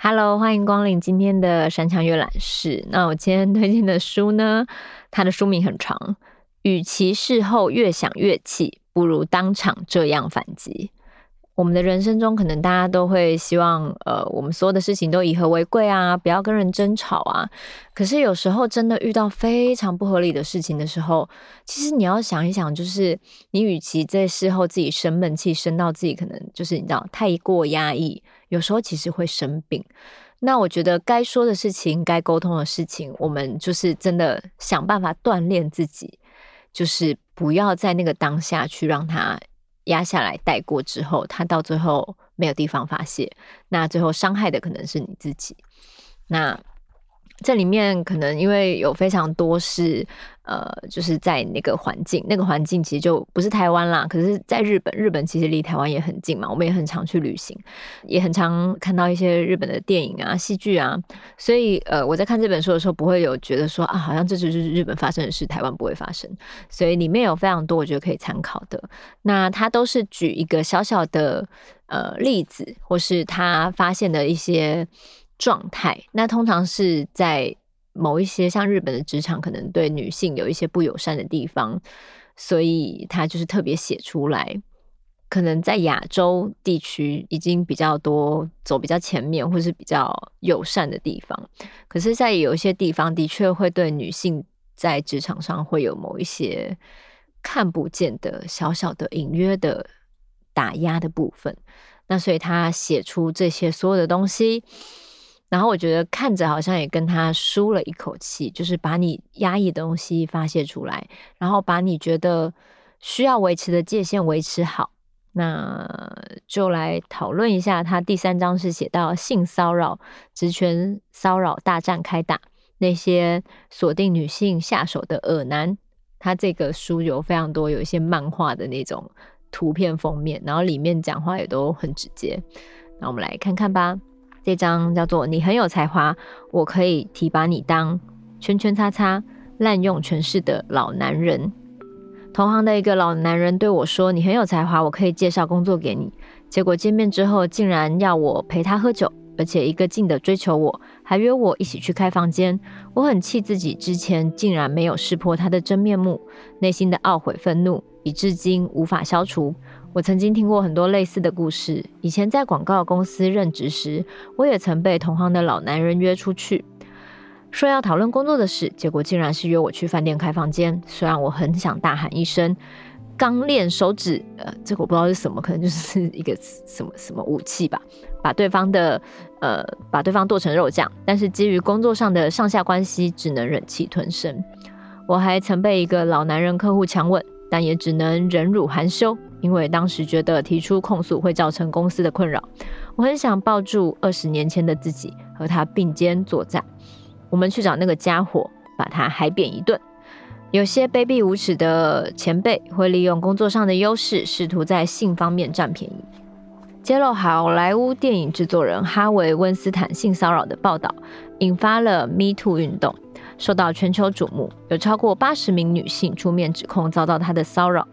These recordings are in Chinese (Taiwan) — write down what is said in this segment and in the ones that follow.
Hello，歡迎光臨今天的山羌閱覽室。那我今天推薦的書呢，它的書名很長，與其事後越想越氣，不如當場這樣反擊。我們的人生中，可能大家都會希望，呃，我們所有的事情都以和為貴啊，不要跟人爭吵啊。可是有時候真的遇到非常不合理的事情的時候，其實你要想一想，就是你與其在事後自己生悶氣，生到自己可能就是你知道太過壓抑，有時候其實會生病。那我覺得該說的事情、該溝通的事情，我們就是真的想辦法鍛鍊自己，就是不要在那個當下去讓他。壓下來帶過之後，他到最後沒有地方發洩，那最後傷害的可能是你自己。那。這裡面可能因為有非常多是，呃，就是在那個環境，那個環境其實就不是台灣啦。可是，在日本，日本其實離台灣也很近嘛，我們也很常去旅行，也很常看到一些日本的電影啊、戲劇啊。所以，呃，我在看這本書的時候，不會有覺得說啊，好像這就是日本發生的事，台灣不會發生。所以，裡面有非常多我覺得可以參考的。那他都是舉一個小小的呃例子，或是他發現的一些。狀態，那通常是在某一些像日本的職場，可能對女性有一些不友善的地方，所以他就是特別寫出來。可能在亞洲地區已經比較多走比較前面，或是比較友善的地方，可是，在有一些地方的確會對女性在職場上會有某一些看不見的小小的隱約的打壓的部分。那所以他寫出這些所有的東西。然後我覺得看着好像也跟他舒了一口氣，就是把你壓抑的東西發洩出來，然後把你覺得需要維持的界限維持好。那就來討論一下，他第三章是寫到性騷擾、職權騷擾大戰開打，那些鎖定女性下手的惡男。他這個書有非常多有一些漫畫的那種圖片封面，然後裡面講話也都很直接。那我們來看看吧。這張叫做“你很有才華，我可以提拔你當圈圈叉叉濫用權勢的老男人”。同行的一個老男人對我說：“你很有才華，我可以介紹工作給你。”結果見面之後，竟然要我陪他喝酒，而且一個勁地追求我，還約我一起去開房間。我很氣自己之前竟然沒有識破他的真面目，內心的懊悔、憤怒，已至今無法消除。我曾經聽過很多類似的故事。以前在廣告公司任職時，我也曾被同行的老男人約出去，說要討論工作的事，結果竟然是約我去飯店開房間。雖然我很想大喊一聲“鋼鏈手指”，呃，這個我不知道是什麼，可能就是一個什麼什麼武器吧，把對方的呃把對方剁成肉醬。但是基於工作上的上下關係，只能忍氣吞聲。我還曾被一個老男人客戶強吻，但也只能忍辱含羞。因為當時覺得提出控訴會造成公司的困擾，我很想抱住二十年前的自己，和他並肩作戰。我們去找那個家伙，把他海扁一頓。有些卑鄙無恥的前輩會利用工作上的優勢，試圖在性方面占便宜。揭露好萊塢電影制作人哈維·溫斯坦性騷擾的報道，引發了 Me Too 運動，受到全球矚目，有超過八十名女性出面指控遭到他的騷擾。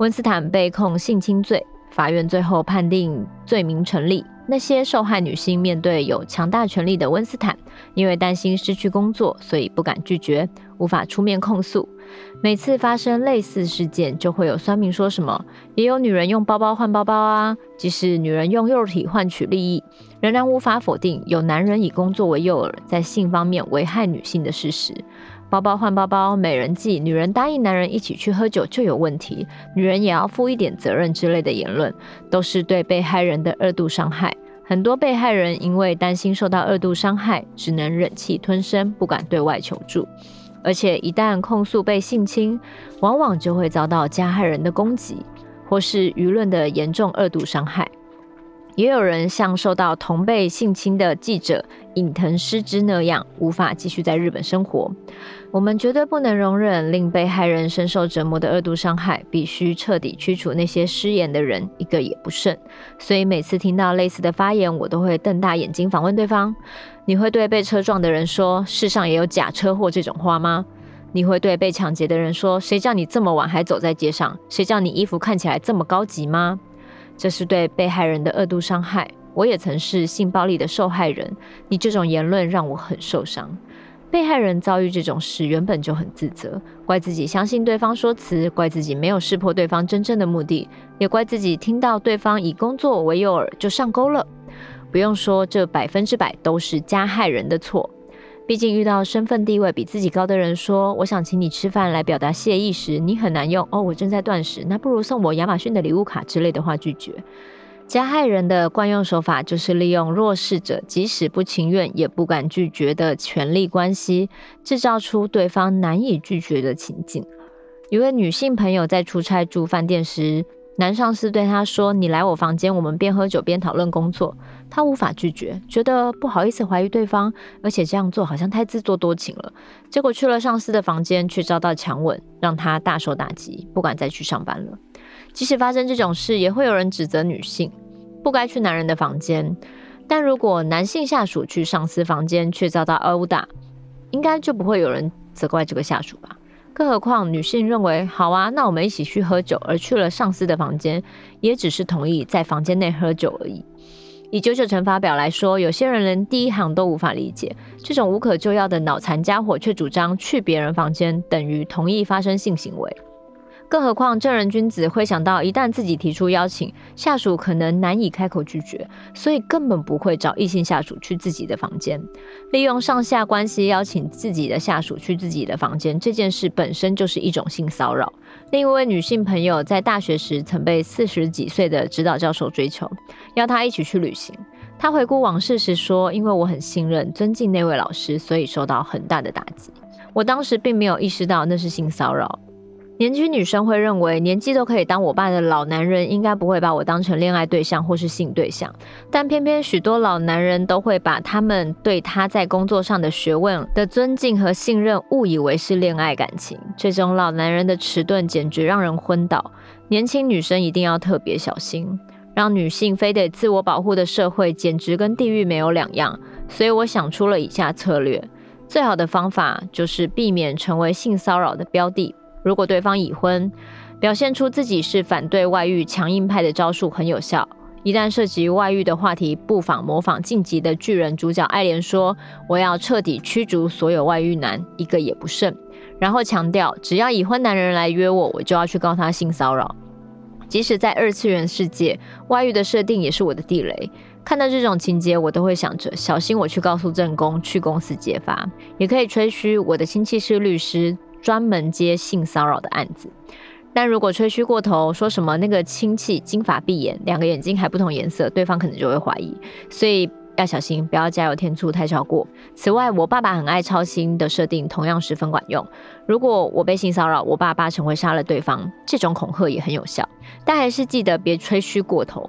溫斯坦被控性侵罪，法院最後判定罪名成立。那些受害女性面對有強大權力的溫斯坦，因為擔心失去工作，所以不敢拒絕，無法出面控訴。每次發生類似事件，就會有酸民說什麼，也有女人用包包換包包啊。即使女人用肉體換取利益，仍然無法否定有男人以工作為誘餌，在性方面危害女性的事實。包包換包包，美人計，女人答應男人一起去喝酒就有問題，女人也要負一點責任之類的言論，都是對被害人的二度傷害。很多被害人因為擔心受到二度傷害，只能忍氣吞聲，不敢對外求助。而且一旦控訴被性侵，往往就會遭到加害人的攻擊，或是輿論的嚴重二度傷害。也有人像受到同輩性侵的記者伊藤詩織那樣，無法繼續在日本生活。我們絕對不能容忍令被害人深受折磨的二度傷害，必須徹底驅除那些失言的人，一個也不剩。所以每次聽到類似的發言，我都會瞪大眼睛訪問對方：你會對被車撞的人說“世上也有假車禍”這種話嗎？你會對被搶劫的人說“誰叫你這麼晚還走在街上，誰叫你衣服看起來這麼高級嗎？”這是對被害人的惡毒傷害。我也曾是性暴力的受害人，你這種言論讓我很受傷。被害人遭遇這種事，原本就很自責，怪自己相信對方說辭，怪自己沒有識破對方真正的目的，也怪自己聽到對方以工作為誘餌就上鈎了。不用說，這百分之百都是加害人的錯。畢竟遇到身份地位比自己高的人說“我想請你吃飯來表達謝意”時，你很難用哦，我正在斷食，那不如送我亞馬遜的禮物卡之類的話拒絕。加害人的慣用手法就是利用弱勢者即使不情願也不敢拒絕的權力關係，制造出對方難以拒絕的情境。一位女性朋友在出差住飯店時，男上司對他說：“你來我房間，我們邊喝酒邊討論工作。”他無法拒絕，覺得不好意思懷疑對方，而且這樣做好像太自作多情了。結果去了上司的房間，卻遭到強吻，讓他大受打擊，不敢再去上班了。即使發生這種事，也會有人指責女性不該去男人的房間。但如果男性下屬去上司房間卻遭到毆打，應該就不會有人責怪這個下屬吧？更何況，女性認為好啊，那我們一起去喝酒，而去了上司的房間，也只是同意在房間內喝酒而已。以九九乘法表來說，有些人連第一行都無法理解，這種無可救藥的腦殘家伙卻主張去別人房間等於同意發生性行為。更何況，正人君子會想到，一旦自己提出邀請，下屬可能難以開口拒絕，所以根本不會找異性下屬去自己的房間。利用上下關係邀請自己的下屬去自己的房間這件事，本身就是一種性騷擾。另一位女性朋友在大學時曾被四十幾歲的指導教授追求，邀她一起去旅行。她回顧往事時說：“因為我很信任、尊敬那位老師，所以受到很大的打擊。我當時並沒有意識到那是性騷擾。”年輕女生會認為，年紀都可以當我爸的老男人，應該不會把我當成戀愛對象或是性對象。但偏偏許多老男人都會把他們對他在工作上的學問的尊敬和信任誤以為是戀愛感情。這種老男人的遲鈍簡直讓人昏倒。年輕女生一定要特別小心。讓女性非得自我保護的社會，簡直跟地獄沒有兩樣。所以我想出了以下策略：最好的方法就是避免成為性騷擾的標的。如果對方已婚，表現出自己是反對外遇強硬派的招數很有效。一旦涉及外遇的話題，不妨模仿進擊的巨人主角艾連說：“我要徹底驅逐所有外遇男，一個也不剩。”然後強調，只要已婚男人來約我，我就要去告他性騷擾。即使在二次元世界，外遇的設定也是我的地雷。看到這種情節，我都會想着小心，我去告訴正宮去公司揭發，也可以吹噓我的親戚是律師。專門接性騷擾的案子，但如果吹噓過頭，說什麼那個親戚金髮碧眼，兩個眼睛還不同顏色，對方可能就會懷疑，所以要小心，不要加油添醋太超過。此外，我爸爸很愛操心的設定同樣十分管用，如果我被性騷擾，我爸八成會殺了對方，這種恐嚇也很有效，但還是記得別吹噓過頭。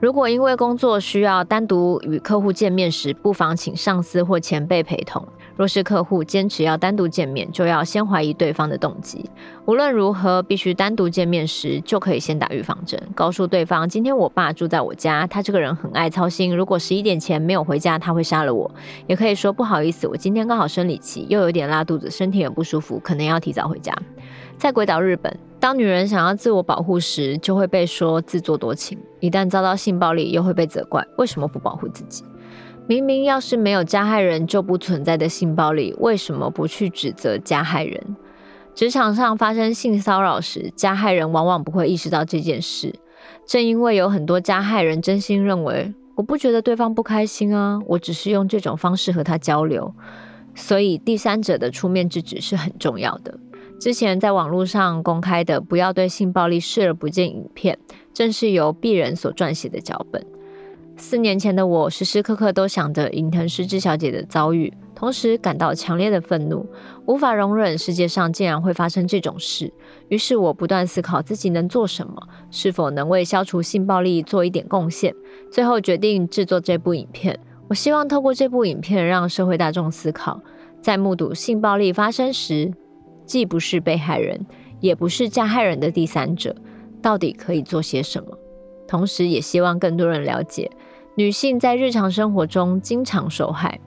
如果因為工作需要單獨與客戶見面時，不妨請上司或前輩陪同。若是客戶堅持要單獨見面，就要先懷疑對方的動機。無論如何，必須單獨見面時，就可以先打預防針，告訴對方：“今天我爸住在我家，他這個人很愛操心。如果十一點前沒有回家，他會殺了我。”也可以說：“不好意思，我今天剛好生理期，又有點拉肚子，身體也不舒服，可能要提早回家。”再回到日本，當女人想要自我保護時，就會被說自作多情；一旦遭到性暴力，又會被責怪，為什麼不保護自己？明明要是沒有加害人就不存在的性暴力，為什麼不去指責加害人？職場上發生性騷擾時，加害人往往不會意識到這件事。正因為有很多加害人真心認為“我不覺得對方不開心啊，我只是用這種方式和他交流”，所以第三者的出面制止是很重要的。之前在網絡上公開的“不要對性暴力視而不見”影片，正是由鄙人所撰寫的腳本。四年前的我，時時刻刻都想着伊藤詩織小姐的遭遇，同時感到強烈的憤怒，無法容忍世界上竟然會發生這種事。於是，我不斷思考自己能做什麼，是否能為消除性暴力做一點貢獻。最後，決定制作這部影片。我希望透過這部影片，讓社會大眾思考，在目睹性暴力發生時，既不是被害人，也不是加害人的第三者，到底可以做些什麼。同時也希望更多人了解。女性在日常生活中經常受害。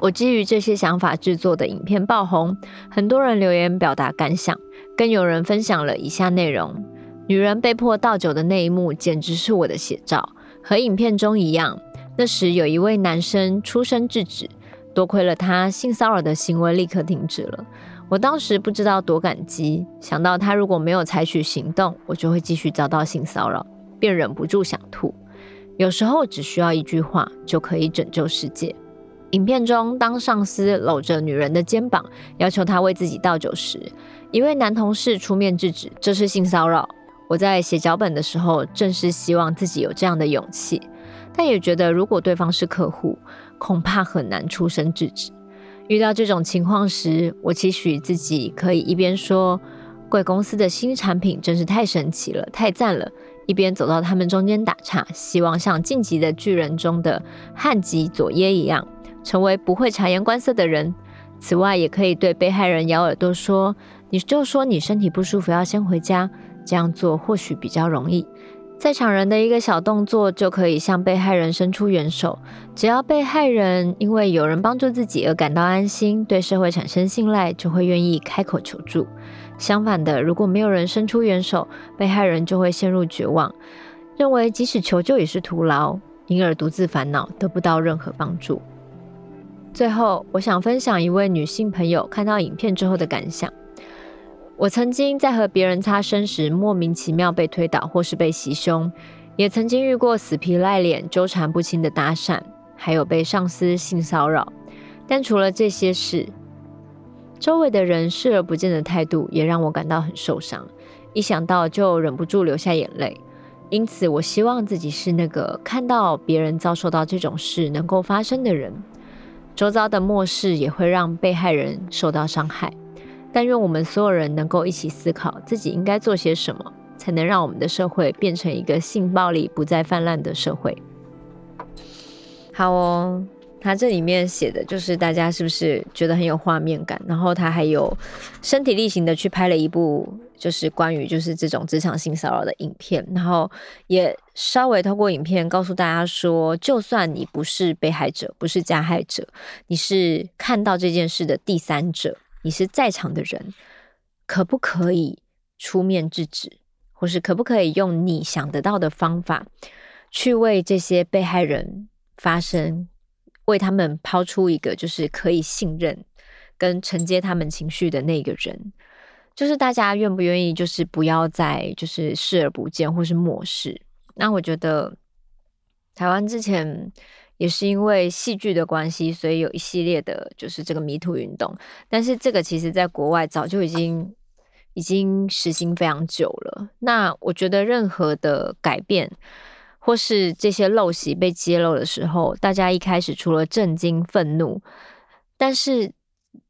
我基於這些想法制作的影片爆紅，很多人留言表達感想，跟有人分享了以下內容：女人被迫倒酒的那一幕，簡直是我的寫照，和影片中一樣。那時有一位男生出聲制止，多虧了他，性騷擾的行為立刻停止了。我當時不知道多感激，想到他如果沒有採取行動，我就會繼續遭到性騷擾，便忍不住想吐。有時候只需要一句話就可以拯救世界。影片中，當上司摟着女人的肩膀，要求她為自己倒酒時，一位男同事出面制止，這是性騷擾。我在寫腳本的時候，正是希望自己有這樣的勇氣，但也覺得如果對方是客戶，恐怕很難出聲制止。遇到這種情況時，我期許自己可以一邊說：“貴公司的新產品真是太神奇了，太讚了。”一邊走到他們中間打岔，希望像《進擊的巨人》中的漢吉佐耶一樣，成為不會察言觀色的人。此外，也可以對被害人咬耳朵說：“你就說你身體不舒服，要先回家。”這樣做或許比較容易。在場人的一個小動作就可以向被害人伸出援手。只要被害人因為有人幫助自己而感到安心，對社會產生信賴，就會願意開口求助。相反的，如果沒有人伸出援手，被害人就會陷入絕望，認為即使求救也是徒勞，因而獨自煩惱，得不到任何幫助。最後，我想分享一位女性朋友看到影片之後的感想：我曾經在和別人擦身時莫名其妙被推倒，或是被襲胸；也曾經遇過死皮賴臉、糾纏不清的搭訕，還有被上司性騷擾。但除了這些事，周圍的人視而不見的態度也讓我感到很受傷，一想到就忍不住流下眼淚。因此，我希望自己是那個看到別人遭受到這種事能夠發聲的人。周遭的漠視也會讓被害人受到傷害。但願我們所有人能夠一起思考自己應該做些什麼，才能讓我們的社會變成一個性暴力不再泛濫的社會。好哦。他這裡面寫的就是，大家是不是覺得很有畫面感？然後他還有身體力行的去拍了一部，就是關於就是這種職場性騷擾的影片。然後也稍微透過影片告訴大家說，就算你不是被害者，不是加害者，你是看到這件事的第三者，你是在場的人，可不可以出面制止，或是可不可以用你想得到的方法去為這些被害人發聲？為他們拋出一個就是可以信任、跟承接他們情緒的那個人，就是大家願不願意，就是不要再就是視而不見或是漠視？那我覺得台灣之前也是因為戲劇的關係，所以有一系列的就是這個 MeToo 運動，但是這個其實在國外早就已經已經實行非常久了。那我覺得任何的改變。或是這些陋習被揭露的時候，大家一開始除了震驚、憤怒，但是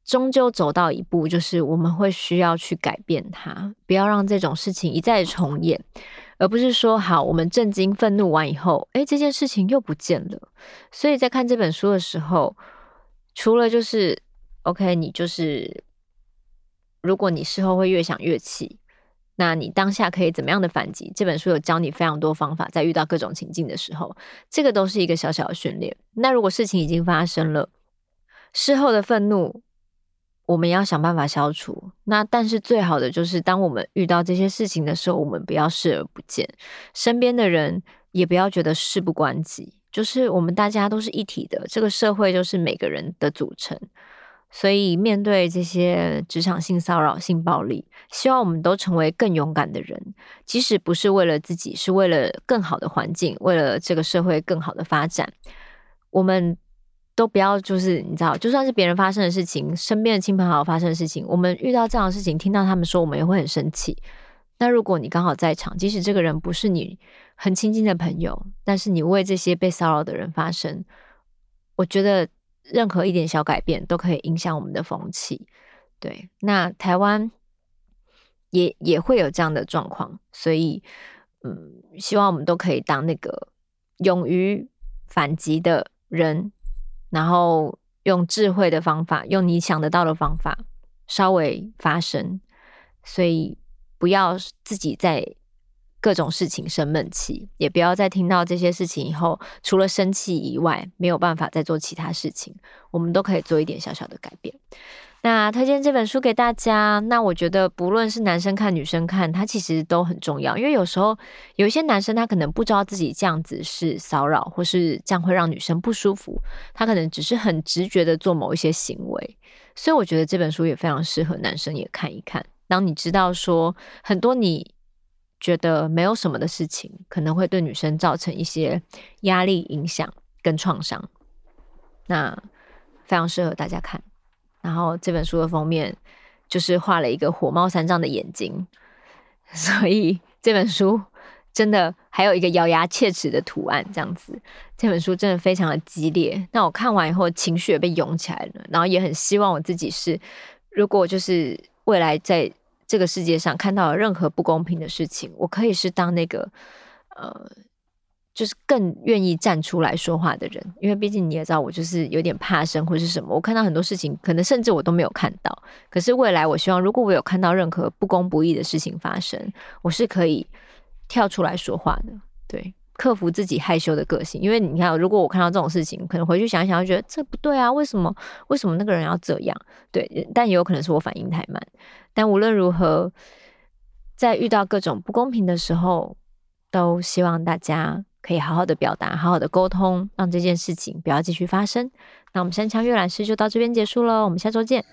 終究走到一步，就是我們會需要去改變它，不要讓這種事情一再重演，而不是說好我們震驚、憤怒完以後，哎，這件事情又不見了。所以在看這本書的時候，除了就是，OK，你就是，如果你事後會越想越氣。那你當下可以怎麼樣的反擊？這本書有教你非常多方法，在遇到各種情境的時候，這個都是一個小小的訓練。那如果事情已經發生了，事後的憤怒，我們要想辦法消除。那但是最好的就是，當我們遇到這些事情的時候，我們不要視而不見，身邊的人也不要覺得事不關己，就是我們大家都是一體的，這個社會就是每個人的組成。所以，面對這些職場性騷擾、性暴力，希望我們都成為更勇敢的人。即使不是為了自己，是為了更好的環境，為了這個社會更好的發展，我們都不要就是你知道，就算是別人發生的事情，身邊的親朋好友發生的事情，我們遇到這樣的事情，聽到他們說，我們也會很生氣。那如果你剛好在場，即使這個人不是你很親近的朋友，但是你為這些被騷擾的人發聲，我覺得。任何一點小改變都可以影響我們的風氣，對。那台灣也也會有這樣的狀況，所以，嗯，希望我們都可以當那個勇於反擊的人，然後用智慧的方法，用你想得到的方法稍微發聲，所以不要自己在。各種事情生悶氣，也不要再聽到這些事情以後，除了生氣以外，沒有辦法再做其他事情。我們都可以做一點小小的改變。那推薦這本書給大家。那我覺得，不論是男生看、女生看，它其實都很重要。因為有時候有一些男生，他可能不知道自己這樣子是騷擾，或是這樣會讓女生不舒服，他可能只是很直覺的做某一些行為。所以我覺得這本書也非常適合男生也看一看。當你知道說很多你覺得沒有什麼的事情，可能會對女生造成一些壓力、影響跟創傷，那非常適合大家看。然後這本書的封面就是畫了一個火冒三丈的眼睛，所以這本書真的還有一個咬牙切齒的圖案，這樣子。這本書真的非常的激烈。那我看完以後，情緒也被湧起來了，然後也很希望我自己是，如果就是未來在。這個世界上看到了任何不公平的事情，我可以是當那個，呃，就是更願意站出來說話的人。因為畢竟你也知道，我就是有點怕生或者是什麼。我看到很多事情，可能甚至我都沒有看到。可是未來，我希望如果我有看到任何不公不義的事情發生，我是可以跳出來說話的。對。克服自己害羞的個性，因為你看，如果我看到這種事情，可能回去想一想，覺得這不對啊，為什麼？為什麼那個人要這樣？對，但也有可能是我反應太慢。但無論如何，在遇到各種不公平的時候，都希望大家可以好好的表達，好好的溝通，讓這件事情不要繼續發生。那我們山羌閱覽室就到這邊結束嘍，我們下周見。